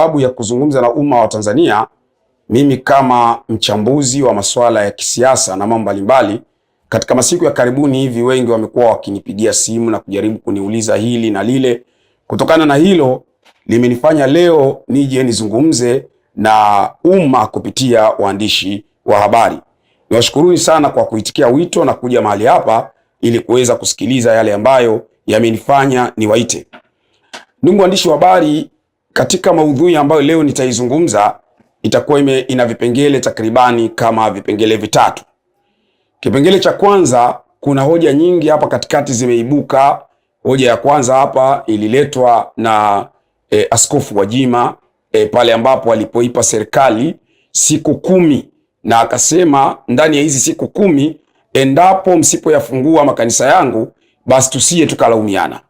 Sababu ya kuzungumza na umma wa Tanzania, mimi kama mchambuzi wa masuala ya kisiasa na mambo mbalimbali, katika masiku ya karibuni hivi, wengi wamekuwa wakinipigia simu na kujaribu kuniuliza hili na lile. Kutokana na hilo, limenifanya leo nije nizungumze na umma kupitia waandishi wa habari. Niwashukuruni sana kwa kuitikia wito na kuja mahali hapa ili kuweza kusikiliza yale ambayo yamenifanya niwaite. Ndugu waandishi wa habari, katika maudhui ambayo leo nitaizungumza itakuwa ime, ina vipengele takribani kama vipengele vitatu. Kipengele cha kwanza, kuna hoja nyingi hapa katikati zimeibuka. Hoja ya kwanza hapa ililetwa na e, Askofu Gwajima e, pale ambapo alipoipa serikali siku kumi na akasema ndani ya hizi siku kumi endapo msipoyafungua makanisa yangu basi tusije tukalaumiana.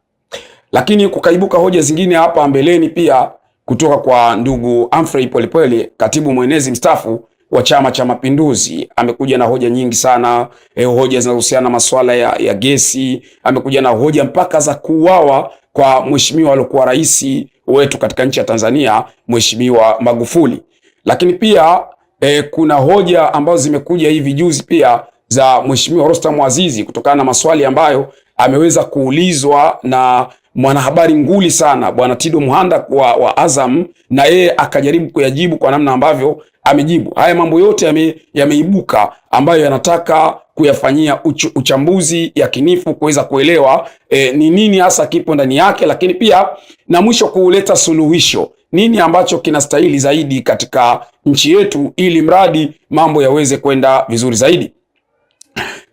Lakini kukaibuka hoja zingine hapa mbeleni pia kutoka kwa ndugu Humphrey Polepole, katibu mwenezi mstaafu wa Chama cha Mapinduzi. Amekuja na hoja nyingi sana eh, hoja zinazohusiana na masuala ya, ya gesi. Amekuja na hoja mpaka za kuuawa kwa mheshimiwa aliokuwa rais wetu katika nchi ya Tanzania, Mheshimiwa Magufuli. Lakini pia eh, kuna hoja ambazo zimekuja hivi juzi pia za Mheshimiwa Rostam Azizi kutokana na maswali ambayo ameweza kuulizwa na mwanahabari nguli sana bwana Tido Muhanda wa, wa Azam na yeye akajaribu kuyajibu kwa namna ambavyo amejibu. Haya mambo yote yame, yameibuka ambayo yanataka kuyafanyia uch, uchambuzi yakinifu kuweza kuelewa e, ni nini hasa kipo ndani yake, lakini pia na mwisho kuleta suluhisho, nini ambacho kinastahili zaidi katika nchi yetu, ili mradi mambo yaweze kwenda vizuri zaidi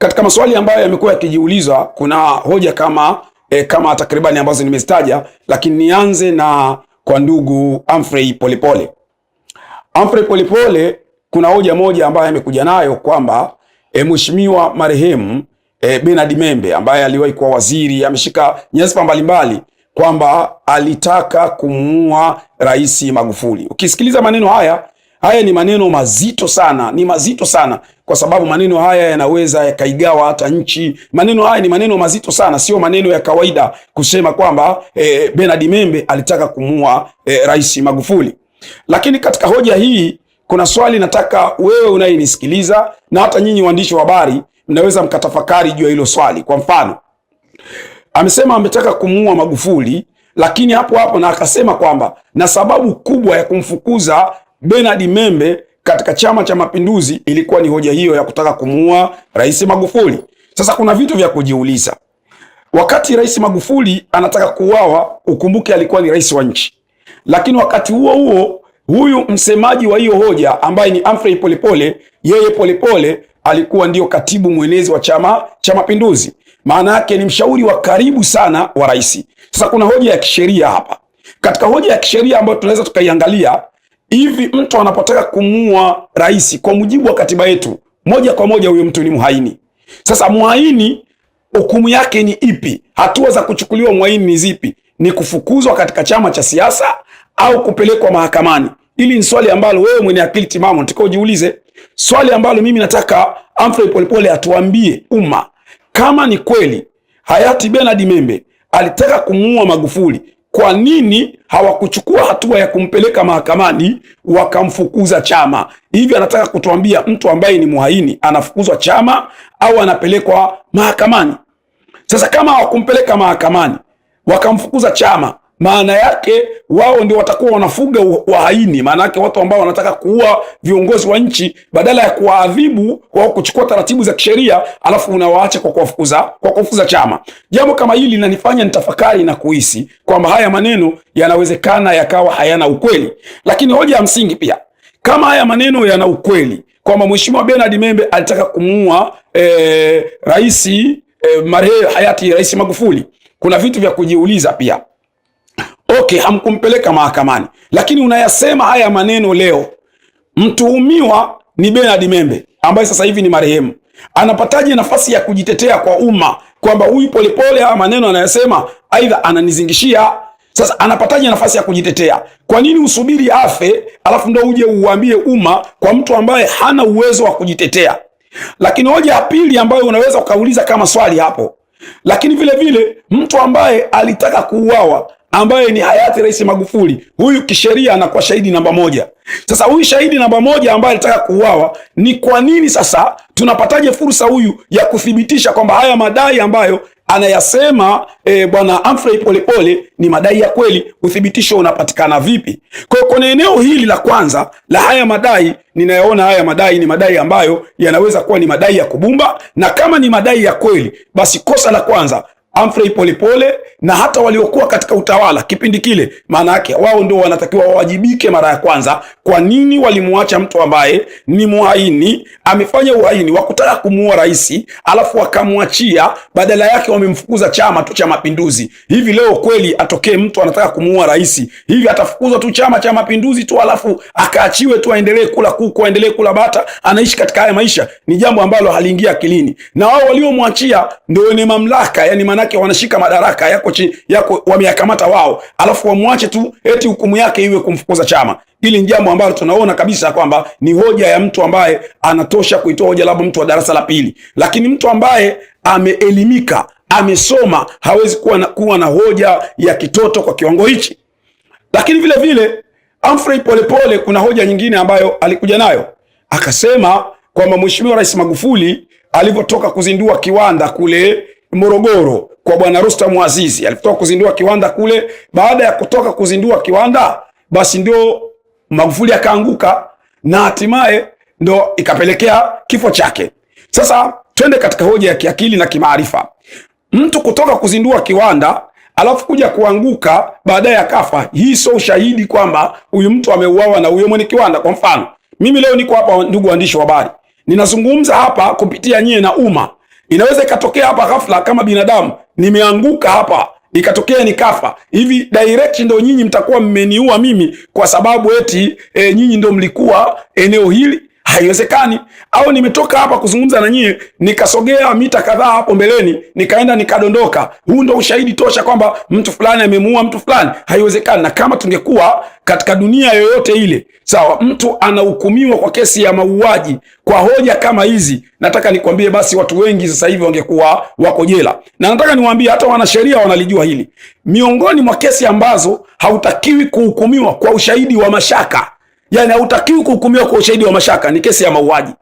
katika maswali ambayo yamekuwa yakijiuliza, kuna hoja kama e, kama takribani ambazo nimezitaja, lakini nianze na kwa ndugu Humphrey Polepole. Humphrey Polepole, kuna hoja moja ambayo amekuja nayo kwamba e, mheshimiwa marehemu e, Bernard Membe ambaye aliwahi kuwa waziri, ameshika nyadhifa mbalimbali, kwamba alitaka kumuua Rais Magufuli. Ukisikiliza maneno haya Haya ni maneno mazito sana, ni mazito sana kwa sababu maneno haya yanaweza yakaigawa hata nchi. Maneno haya ni maneno mazito sana, sio maneno ya kawaida kusema kwamba eh, Bernard Membe alitaka kumua eh, Rais Magufuli. Lakini katika hoja hii kuna swali nataka wewe unayenisikiliza na hata nyinyi waandishi wa habari mnaweza mkatafakari juu ya hilo swali. Kwa mfano, amesema ametaka kumuua Magufuli, lakini hapo hapo na akasema kwamba na sababu kubwa ya kumfukuza Bernard Membe katika Chama cha Mapinduzi ilikuwa ni hoja hiyo ya kutaka kumuua Rais Magufuli. Sasa kuna vitu vya kujiuliza. Wakati Rais Magufuli anataka kuuawa, ukumbuke alikuwa ni rais wa nchi, lakini wakati huo huo huyu msemaji wa hiyo hoja ambaye ni Humphrey Polepole, yeye Polepole alikuwa ndiyo katibu mwenezi wa Chama cha Mapinduzi, maana yake ni mshauri wa karibu sana wa rais. Sasa kuna hoja ya kisheria hapa. Katika hoja ya kisheria ambayo tunaweza tukaiangalia hivi mtu anapotaka kumua rais kwa mujibu wa katiba yetu, moja kwa moja huyo mtu ni mhaini. Sasa mhaini hukumu yake ni ipi? Hatua za kuchukuliwa mhaini ni zipi? Ni kufukuzwa katika chama cha siasa au kupelekwa mahakamani? Hili ni swali ambalo wewe mwenye akili timamu nataka ujiulize, swali ambalo mimi nataka Humphrey Polepole atuambie umma, kama ni kweli hayati Bernard Membe alitaka kumuua Magufuli kwa nini hawakuchukua hatua ya kumpeleka mahakamani wakamfukuza chama? Hivi anataka kutuambia mtu ambaye ni muhaini anafukuzwa chama au anapelekwa mahakamani? Sasa kama hawakumpeleka mahakamani wakamfukuza chama, maana yake wao ndio watakuwa wanafuga wahaini, maana yake watu ambao wanataka kuua viongozi wa nchi, badala ya kuwaadhibu kwa kuchukua taratibu za kisheria, alafu unawaacha kwa kuwafukuza kwa kufukuza chama. Jambo kama hili linanifanya nitafakari na kuhisi kwamba haya maneno yanawezekana yakawa hayana ukweli, lakini hoja ya msingi pia, kama haya maneno yana ukweli kwamba Mheshimiwa Bernard Membe alitaka kumuua eh, rais eh, marehemu hayati Rais Magufuli, kuna vitu vya kujiuliza pia Okay, hamkumpeleka mahakamani, lakini unayasema haya maneno leo. Mtuhumiwa ni Bernard Membe ambaye sasa hivi ni marehemu, anapataje nafasi ya kujitetea kwa umma kwamba huyu Polepole haya maneno anayasema, aidha ananizingishia sasa anapataje nafasi ya kujitetea? Kwa nini usubiri afe alafu ndo uje uambie umma kwa mtu ambaye hana uwezo wa kujitetea? Lakini hoja ya pili ambayo unaweza ukauliza kama swali hapo, lakini vile vile mtu ambaye alitaka kuuawa ambaye ni hayati Rais Magufuli, huyu kisheria anakuwa shahidi namba moja. Sasa huyu shahidi namba moja ambaye alitaka kuuawa, ni kwa nini sasa tunapataje fursa huyu ya kuthibitisha kwamba haya madai ambayo anayasema e, bwana Humphrey Polepole ni madai ya kweli? Uthibitisho unapatikana vipi? Kwa hiyo kwenye eneo hili la kwanza la haya madai, ninayoona haya madai ni madai ambayo yanaweza kuwa ni madai ya kubumba, na kama ni madai ya kweli, basi kosa la kwanza Humphrey Polepole na hata waliokuwa katika utawala kipindi kile, maana yake wao ndio wanatakiwa wawajibike mara ya kwanza. Kwa nini walimwacha mtu ambaye ni muhaini, amefanya uhaini wa kutaka kumuua rais, alafu wakamwachia? Badala yake wamemfukuza Chama tu cha Mapinduzi. Hivi leo kweli atokee mtu anataka kumuua rais, hivi atafukuzwa tu Chama cha Mapinduzi tu, alafu akaachiwe tu aendelee kula kuku, aendelee kula bata, anaishi katika haya maisha? Ni jambo ambalo haliingia akilini, na wao waliomwachia ndio wenye mamlaka yani yake wanashika madaraka yako chini yako, wameyakamata wao, alafu wamwache tu eti hukumu yake iwe kumfukuza chama. Hili ni jambo ambalo tunaona kabisa kwamba ni hoja ya mtu ambaye anatosha kuitoa hoja labda mtu wa darasa la pili, lakini mtu ambaye ameelimika, amesoma, hawezi kuwa na, kuwa na hoja ya kitoto kwa kiwango hichi. Lakini vile vile Humphrey Polepole, kuna hoja nyingine ambayo alikuja nayo akasema kwamba Mheshimiwa Rais Magufuli alivyotoka kuzindua kiwanda kule Morogoro kwa Bwana Rustam Azizi. Alipotoka kuzindua kiwanda kule, baada ya kutoka kuzindua kiwanda, basi ndio Magufuli akaanguka na hatimaye ndo ikapelekea kifo chake. Sasa twende katika hoja ya kiakili na kimaarifa. Mtu kutoka kuzindua kiwanda alafu kuja kuanguka baadaye akafa, hii sio ushahidi kwamba huyu mtu ameuawa na huyo mwenye kiwanda. Kwa mfano mimi leo niko hapa, ndugu waandishi wa habari, ninazungumza hapa kupitia nyie na umma. Inaweza ikatokea hapa ghafla kama binadamu nimeanguka hapa nikatokea nikafa hivi direct, ndo nyinyi mtakuwa mmeniua mimi kwa sababu eti e, nyinyi ndo mlikuwa eneo hili Haiwezekani. Au nimetoka hapa kuzungumza na nyie nikasogea mita kadhaa hapo mbeleni nikaenda nikadondoka. Huu ndo ushahidi tosha kwamba mtu fulani amemuua mtu fulani. Haiwezekani. Na kama tungekuwa katika dunia yoyote ile, sawa, mtu anahukumiwa kwa kesi ya mauaji kwa hoja kama hizi, nataka nikwambie, basi watu wengi sasa hivi wangekuwa wako jela. Na nataka niwaambie hata wanasheria wanalijua hili, miongoni mwa kesi ambazo hautakiwi kuhukumiwa kwa ushahidi wa mashaka yani hautakiwi kuhukumiwa kwa ushahidi wa mashaka, ni kesi ya mauaji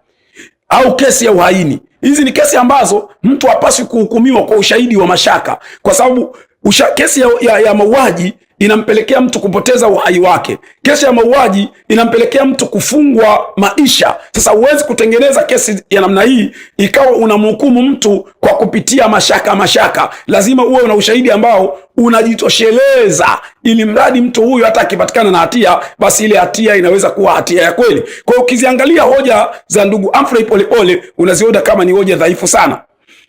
au kesi ya uhaini. Hizi ni kesi ambazo mtu hapaswi kuhukumiwa kwa ushahidi wa mashaka, kwa sababu usha kesi ya, ya, ya mauaji inampelekea mtu kupoteza uhai wake. Kesi ya mauaji inampelekea mtu kufungwa maisha. Sasa huwezi kutengeneza kesi ya namna hii ikawa unamhukumu mtu kwa kupitia mashaka mashaka, lazima uwe una ushahidi ambao unajitosheleza, ili mradi mtu huyu hata akipatikana na hatia, basi ile hatia inaweza kuwa hatia ya kweli. Kwa hiyo ukiziangalia hoja za ndugu Humphrey Polepole unaziona kama ni hoja dhaifu sana,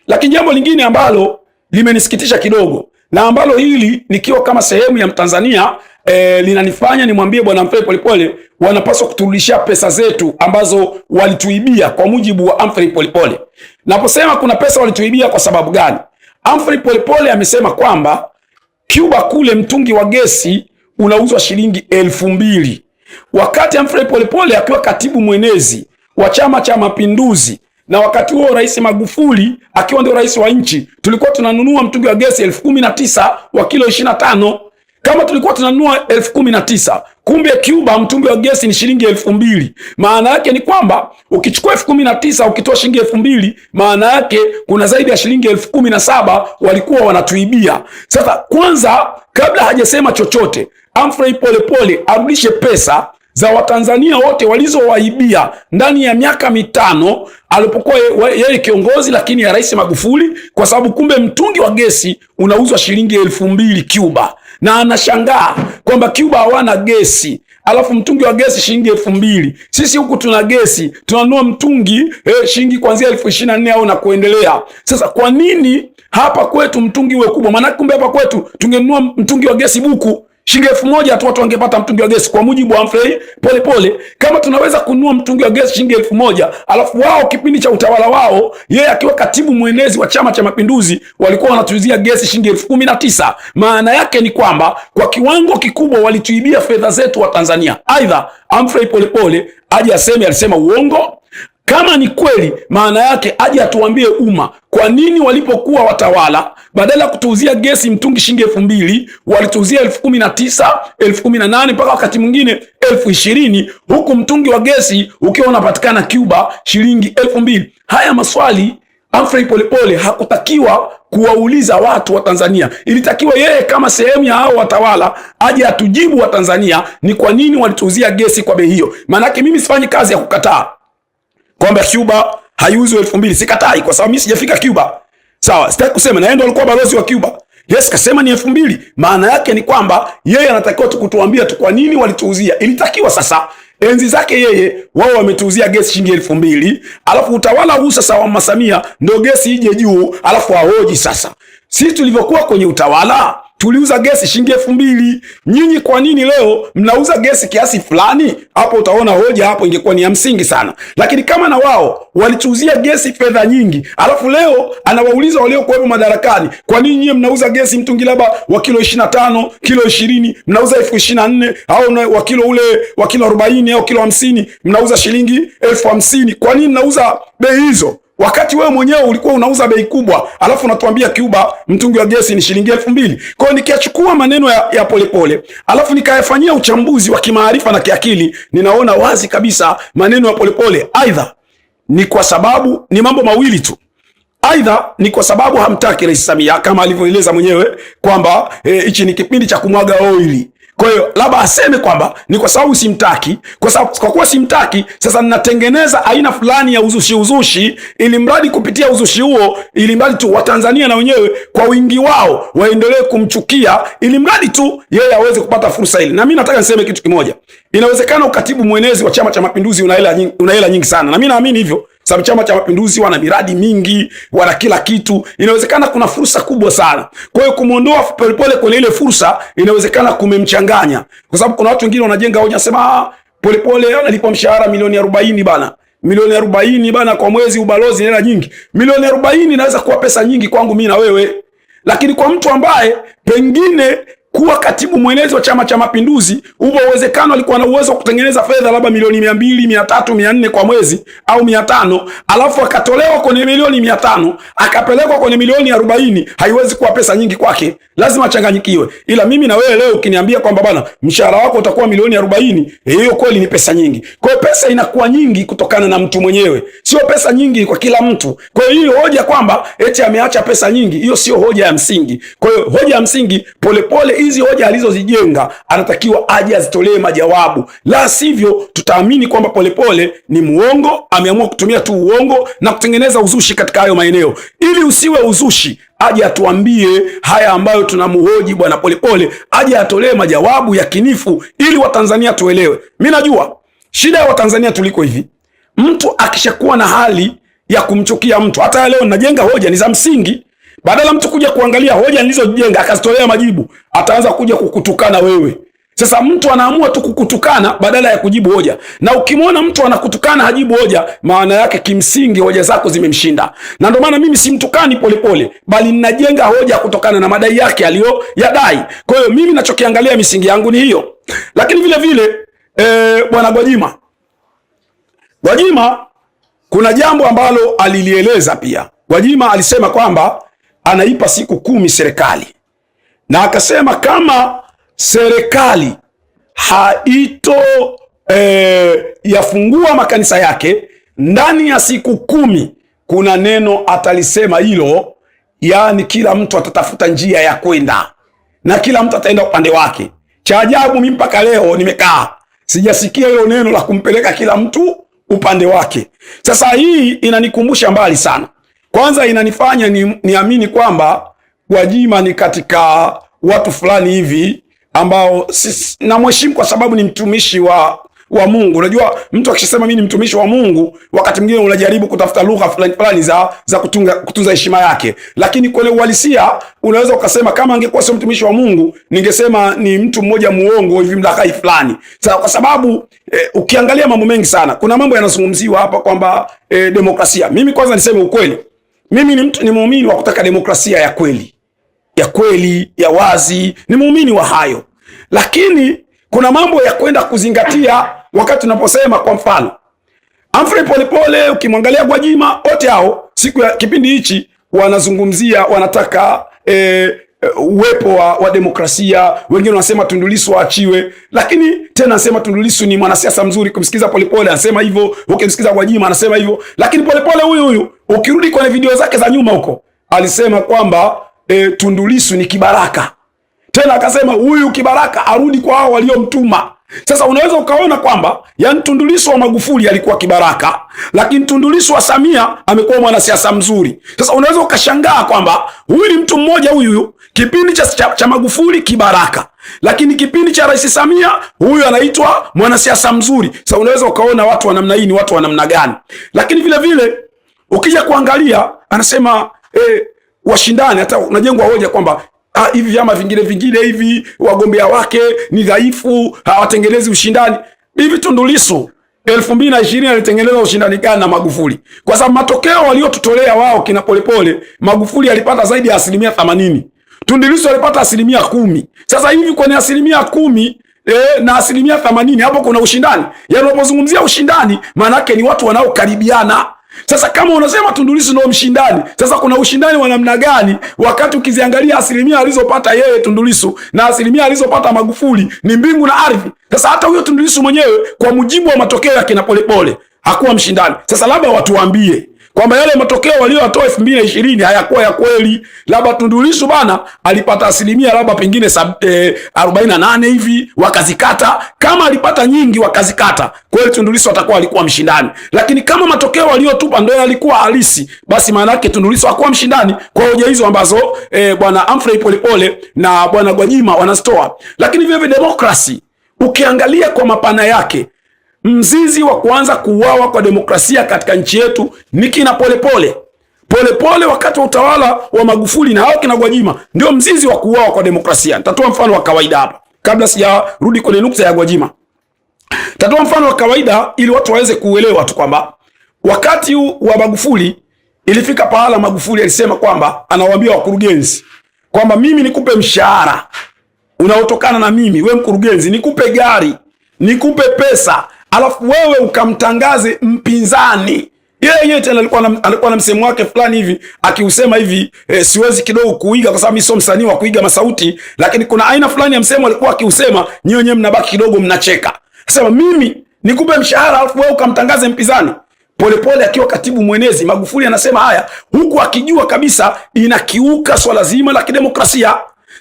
lakini jambo lingine ambalo limenisikitisha kidogo na ambalo hili nikiwa kama sehemu ya Mtanzania e, linanifanya nimwambie Bwana Humphrey Polepole wanapaswa kuturudishia pesa zetu ambazo walituibia, kwa mujibu wa Amfrey Polepole. Naposema kuna pesa walituibia kwa sababu gani? Amfrey Polepole amesema kwamba Cuba kule mtungi wa gesi unauzwa shilingi elfu mbili wakati Amfrey Polepole akiwa katibu mwenezi wa Chama cha Mapinduzi na wakati huo Rais Magufuli akiwa ndio rais wa nchi tulikuwa tunanunua mtungi wa gesi elfu kumi na tisa wa kilo ishirini na tano kama tulikuwa tunanunua elfu kumi na tisa kumbe Cuba mtungi wa gesi ni shilingi elfu mbili Maana yake ni kwamba ukichukua elfu kumi na tisa ukitoa shilingi elfu mbili maana yake kuna zaidi ya shilingi elfu kumi na saba walikuwa wanatuibia. Sasa kwanza, kabla hajasema chochote, Humphrey Polepole arudishe pesa za Watanzania wote walizowaibia ndani ya miaka mitano alipokuwa yeye kiongozi, lakini ya Rais Magufuli, kwa sababu kumbe mtungi wa gesi unauzwa shilingi elfu mbili Cuba, na anashangaa kwamba Cuba hawana gesi alafu mtungi wa gesi shilingi elfu mbili. Sisi huku tuna gesi tunanunua mtungi eh, shilingi kuanzia elfu ishirini na nne au na kuendelea. Sasa kwa nini hapa kwetu mtungi uwe kubwa? Maanake kumbe hapa kwetu tungenunua mtungi wa gesi buku shilingi elfu moja tu watu wangepata mtungi wa gesi, kwa mujibu wa Humphrey Polepole. Kama tunaweza kununua mtungi wa gesi shilingi elfu moja alafu wao kipindi cha utawala wao, yeye akiwa katibu mwenezi wa Chama cha Mapinduzi, walikuwa wanatuuzia gesi shilingi elfu kumi na tisa. Maana yake ni kwamba kwa kiwango kikubwa walituibia fedha zetu wa Tanzania. Aidha, Humphrey Polepole aje aseme alisema uongo kama ni kweli, maana yake aje atuambie umma kwa nini walipokuwa watawala, badala ya kutuuzia gesi mtungi shilingi elfu mbili walituuzia elfu kumi na tisa elfu kumi na nane mpaka wakati mwingine elfu ishirini huku mtungi wa gesi ukiwa unapatikana Cuba shilingi elfu mbili Haya maswali Humphrey Polepole hakutakiwa kuwauliza watu wa Tanzania. Ilitakiwa yeye kama sehemu ya hao watawala aje atujibu wa Tanzania ni kwa nini walituuzia gesi kwa bei hiyo. Maanake mimi sifanyi kazi ya kukataa kwamba Cuba haiuzwi elfu mbili. Sikatai kwa sababu mimi sijafika Cuba. Sawa, sitaki kusema na yeye ndo alikuwa balozi wa Cuba. Yes, kasema ni elfu mbili. Maana yake ni kwamba yeye anatakiwa tu kutuambia tu kwa nini walituuzia. Ilitakiwa sasa enzi zake yeye wao wametuuzia gesi shilingi elfu mbili alafu utawala huu sasa wa Mama Samia ndo gesi ije juu, alafu ahoji sasa. Sisi tulivyokuwa kwenye utawala tuliuza gesi shilingi elfu mbili. Nyinyi kwa nini leo mnauza gesi kiasi fulani? Hapo utaona hoja hapo ingekuwa ni ya msingi sana, lakini kama na wao walituuzia gesi fedha nyingi, alafu leo anawauliza waliokuwepo madarakani, kwa nini nyinyi mnauza gesi mtungi laba wa kilo 25 kilo 20 mnauza elfu 24 au wa kilo ule wa kilo 40 au kilo 50 mnauza shilingi elfu 50? Kwa nini mnauza bei hizo? wakati wewe mwenyewe ulikuwa unauza bei kubwa, alafu unatuambia Cuba mtungi wa gesi ni shilingi elfu mbili. Kwa hiyo nikiyachukua maneno ya Polepole pole, alafu nikayafanyia uchambuzi wa kimaarifa na kiakili, ninaona wazi kabisa maneno ya Polepole aidha ni kwa sababu ni mambo mawili tu Aidha ni kwa sababu hamtaki Rais Samia kama alivyoeleza mwenyewe kwamba eh, hichi eh, ni kipindi cha kumwaga oili. Kwa hiyo labda aseme kwamba ni kwa sababu simtaki, kwa sababu kwa kuwa simtaki, sasa ninatengeneza aina fulani ya uzushi uzushi, ili mradi kupitia uzushi huo, ili mradi tu Watanzania na wenyewe kwa wingi wao waendelee kumchukia, ili mradi tu yeye aweze kupata fursa ile. Na mimi nataka niseme kitu kimoja, inawezekana ukatibu mwenezi wa Chama cha Mapinduzi una hela nyingi, una hela nyingi sana, na mimi naamini hivyo sababu Chama cha Mapinduzi wana miradi mingi, wana kila kitu. Inawezekana kuna fursa kubwa sana, kwa hiyo kumwondoa Polepole kwenye ile fursa inawezekana kumemchanganya, kwa sababu kuna watu wengine wanajenga hoja, sema ah, Polepole analipwa mshahara milioni arobaini bana milioni arobaini bana kwa mwezi, ubalozi ni hela nyingi. Milioni arobaini inaweza kuwa pesa nyingi kwangu mimi na wewe, lakini kwa mtu ambaye pengine kuwa katibu mwenezi wa Chama cha Mapinduzi, huo uwezekano alikuwa na uwezo wa kutengeneza fedha labda milioni mia mbili mia tatu mia nne kwa mwezi au mia tano alafu akatolewa kwenye milioni mia tano akapelekwa kwenye milioni arobaini haiwezi kuwa pesa nyingi kwake, lazima achanganyikiwe. Ila mimi na wewe leo ukiniambia kwamba bana, mshahara wako utakuwa milioni arobaini, eh, hiyo kweli ni pesa nyingi. Kwa hiyo pesa inakuwa nyingi kutokana na mtu mwenyewe, sio pesa nyingi kwa kila mtu. Kwa hiyo hoja kwamba eti ameacha pesa nyingi, hiyo sio hoja ya msingi. Kwa hiyo hoja ya msingi polepole hizi hoja alizozijenga anatakiwa aje azitolee majawabu, la sivyo tutaamini kwamba Polepole ni muongo, ameamua kutumia tu uongo na kutengeneza uzushi katika hayo maeneo. Ili usiwe uzushi, aje atuambie haya ambayo tunamuhoji bwana Polepole, aje atolee majawabu ya kinifu ili Watanzania tuelewe. Mi najua shida ya Watanzania tuliko hivi, mtu akishakuwa na hali ya kumchukia mtu, hata leo ninajenga hoja ni za msingi badala mtu kuja kuangalia hoja nilizojenga akazitolea majibu, ataanza kuja kukutukana wewe. Sasa mtu anaamua tu kukutukana badala ya kujibu hoja, na ukimwona mtu anakutukana hajibu hoja, maana yake kimsingi hoja zako zimemshinda. Na ndio maana mimi simtukani Polepole, bali ninajenga hoja kutokana na madai yake aliyo yadai. Kwa hiyo mimi nachokiangalia misingi yangu ni hiyo, lakini vile vile eh, bwana Gwajima Gwajima kuna jambo ambalo alilieleza pia. Gwajima alisema kwamba anaipa siku kumi serikali, na akasema kama serikali haito e, yafungua makanisa yake ndani ya siku kumi, kuna neno atalisema hilo, yaani kila mtu atatafuta njia ya kwenda na kila mtu ataenda upande wake. Cha ajabu mi mpaka leo nimekaa sijasikia hilo neno la kumpeleka kila mtu upande wake. Sasa hii inanikumbusha mbali sana kwanza inanifanya niamini ni kwamba Gwajima ni katika watu fulani hivi ambao namheshimu kwa sababu ni mtumishi wa wa Mungu. Unajua, mtu akisema mimi ni mtumishi wa Mungu, wakati mwingine unajaribu kutafuta lugha fulani fulani za za kutunga kutunza heshima yake, lakini kwenye uhalisia unaweza ukasema kama angekuwa sio mtumishi wa Mungu, ningesema ni mtu mmoja muongo hivi mlakai fulani. Sasa kwa sababu eh, ukiangalia mambo mengi sana, kuna mambo yanazungumziwa hapa kwamba eh, demokrasia. Mimi kwanza niseme ukweli mimi ni mtu, ni muumini wa kutaka demokrasia ya kweli ya kweli ya wazi, ni muumini wa hayo, lakini kuna mambo ya kwenda kuzingatia wakati tunaposema, kwa mfano Humphrey Polepole, ukimwangalia Gwajima, wote hao siku ya kipindi hichi wanazungumzia wanataka eh, uwepo wa, wa demokrasia. Wengine wanasema Tundu Lissu waachiwe, lakini tena anasema Tundu Lissu ni mwanasiasa mzuri, kumsikiza Polepole anasema hivyo, ukimsikiza Gwajima anasema hivyo, lakini Polepole huyu huyu ukirudi kwenye video zake za nyuma huko alisema kwamba e, Tundu Lissu ni kibaraka, tena akasema huyu kibaraka arudi kwa hao waliomtuma. Sasa unaweza ukaona kwamba yani Tundu Lissu wa Magufuli alikuwa kibaraka, lakini Tundu Lissu wa Samia amekuwa mwanasiasa mzuri. Sasa unaweza ukashangaa kwamba huyu ni mtu mmoja huyu huyu, kipindi cha, cha, cha Magufuli kibaraka, lakini kipindi cha Rais Samia huyu anaitwa mwanasiasa mzuri. Sasa unaweza ukaona watu wa namna hii ni watu wa namna gani? Lakini vile vile ukija kuangalia anasema eh, washindani hata unajengwa hoja kwamba ah, hivi vyama vingine vingine hivi wagombea wake ni dhaifu, hawatengenezi ushindani. Hivi Tundu Lissu elfu mbili na ishirini alitengeneza ushindani gani na Magufuli? Kwa sababu matokeo waliotutolea wao kina Polepole, Magufuli alipata zaidi ya asilimia themanini, Tundu Lissu alipata asilimia kumi. Sasa hivi kwenye asilimia kumi E, na asilimia themanini hapo kuna ushindani. Yaani unapozungumzia ushindani maana ni watu wanaokaribiana. Sasa kama unasema Tundu Lissu ndio mshindani, sasa kuna ushindani wa namna gani wakati ukiziangalia asilimia alizopata yeye Tundu Lissu na asilimia alizopata Magufuli ni mbingu na ardhi. Sasa hata huyo Tundu Lissu mwenyewe kwa mujibu wa matokeo ya kina Polepole hakuwa mshindani. Sasa labda watuambie kwamba yale matokeo walioyatoa elfu mbili na ishirini hayakuwa ya kweli. Labda Tundu Lissu bana alipata asilimia labda pengine e, arobaini na nane hivi wakazikata, kama alipata nyingi wakazikata, kweli Tundu Lissu atakuwa alikuwa mshindani. Lakini kama matokeo waliyotupa ndio yalikuwa halisi, basi maana yake Tundu Lissu hakuwa mshindani, kwa hoja hizo ambazo e, bwana Humphrey Polepole na bwana Gwajima wanazitoa. Lakini vile vile demokrasi ukiangalia kwa mapana yake Mzizi wa kuanza kuuawa kwa demokrasia katika nchi yetu ni kina Polepole. Polepole wakati wa utawala wa Magufuli na hao kina Gwajima ndio mzizi wa kuuawa kwa demokrasia. Nitatoa mfano wa kawaida hapa kabla sijarudi kwenye nukta ya Gwajima. Nitatoa mfano wa kawaida ili watu waweze kuelewa tu kwamba wakati wa Magufuli ilifika pahala Magufuli alisema kwamba anawaambia wakurugenzi kwamba mimi nikupe mshahara unaotokana na mimi, we mkurugenzi, nikupe gari, nikupe pesa alafu wewe ukamtangaze mpinzani yeye yeah, tena alikuwa na, alikuwa na msemo wake fulani hivi akiusema hivi e, siwezi kidogo kuiga kwa sababu mimi sio msanii wa kuiga masauti, lakini kuna aina fulani ya msemo alikuwa akiusema, nyinyi wenyewe mnabaki kidogo mnacheka. Sema mimi nikupe mshahara alafu wewe ukamtangaze mpinzani. Polepole akiwa katibu mwenezi Magufuli anasema haya huku akijua kabisa inakiuka swala zima la kidemokrasia.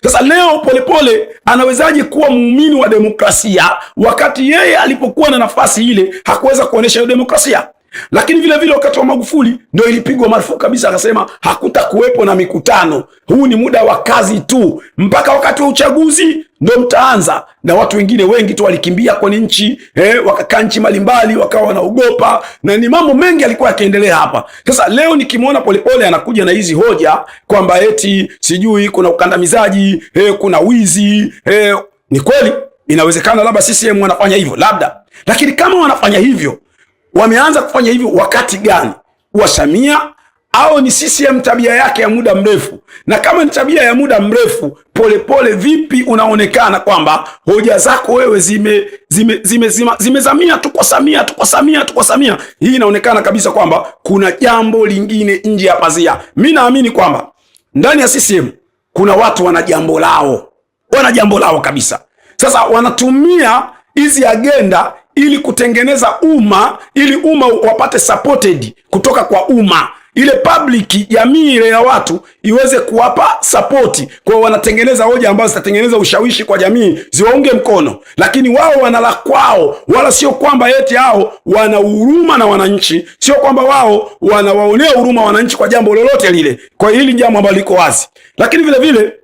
Sasa leo Polepole anawezaje kuwa muumini wa demokrasia wakati yeye alipokuwa na nafasi ile hakuweza kuonyesha hiyo demokrasia? Lakini vile vile wakati wa Magufuli ndio ilipigwa marufuku kabisa, akasema hakuta kuwepo na mikutano, huu ni muda wa kazi tu, mpaka wakati wa uchaguzi ndio mtaanza. Na watu wengine wengi tu walikimbia kwenye nchi eh, wakakaa nchi mbalimbali, wakawa wanaogopa, na ni mambo mengi alikuwa yakiendelea hapa. Sasa leo nikimwona Polepole anakuja na hizi hoja kwamba eti sijui kuna ukandamizaji eh, kuna wizi eh, ni kweli inawezekana labda CCM wanafanya hivyo labda, lakini kama wanafanya hivyo Wameanza kufanya hivyo wakati gani? wa Samia au ni CCM tabia yake ya muda mrefu? Na kama ni tabia ya muda mrefu, polepole pole, vipi unaonekana kwamba hoja zako wewe zime zimezamia zime, zime, zime, zime tu kwa Samia tu kwa Samia tu kwa Samia. Hii inaonekana kabisa kwamba kuna jambo lingine nje ya pazia. Mi naamini kwamba ndani ya CCM kuna watu wana jambo lao, wana jambo lao kabisa. Sasa wanatumia hizi agenda ili kutengeneza umma, ili umma wapate supported kutoka kwa umma, ile public, jamii ile ya watu iweze kuwapa sapoti. Kwao wanatengeneza hoja ambazo zitatengeneza ushawishi kwa jamii ziwaunge mkono, lakini wao wana la kwao, wala sio kwamba eti hao wana huruma na wananchi, sio kwamba wao wanawaonea huruma wananchi kwa jambo lolote lile. Kwa hili jambo ambalo liko wazi, lakini vile vile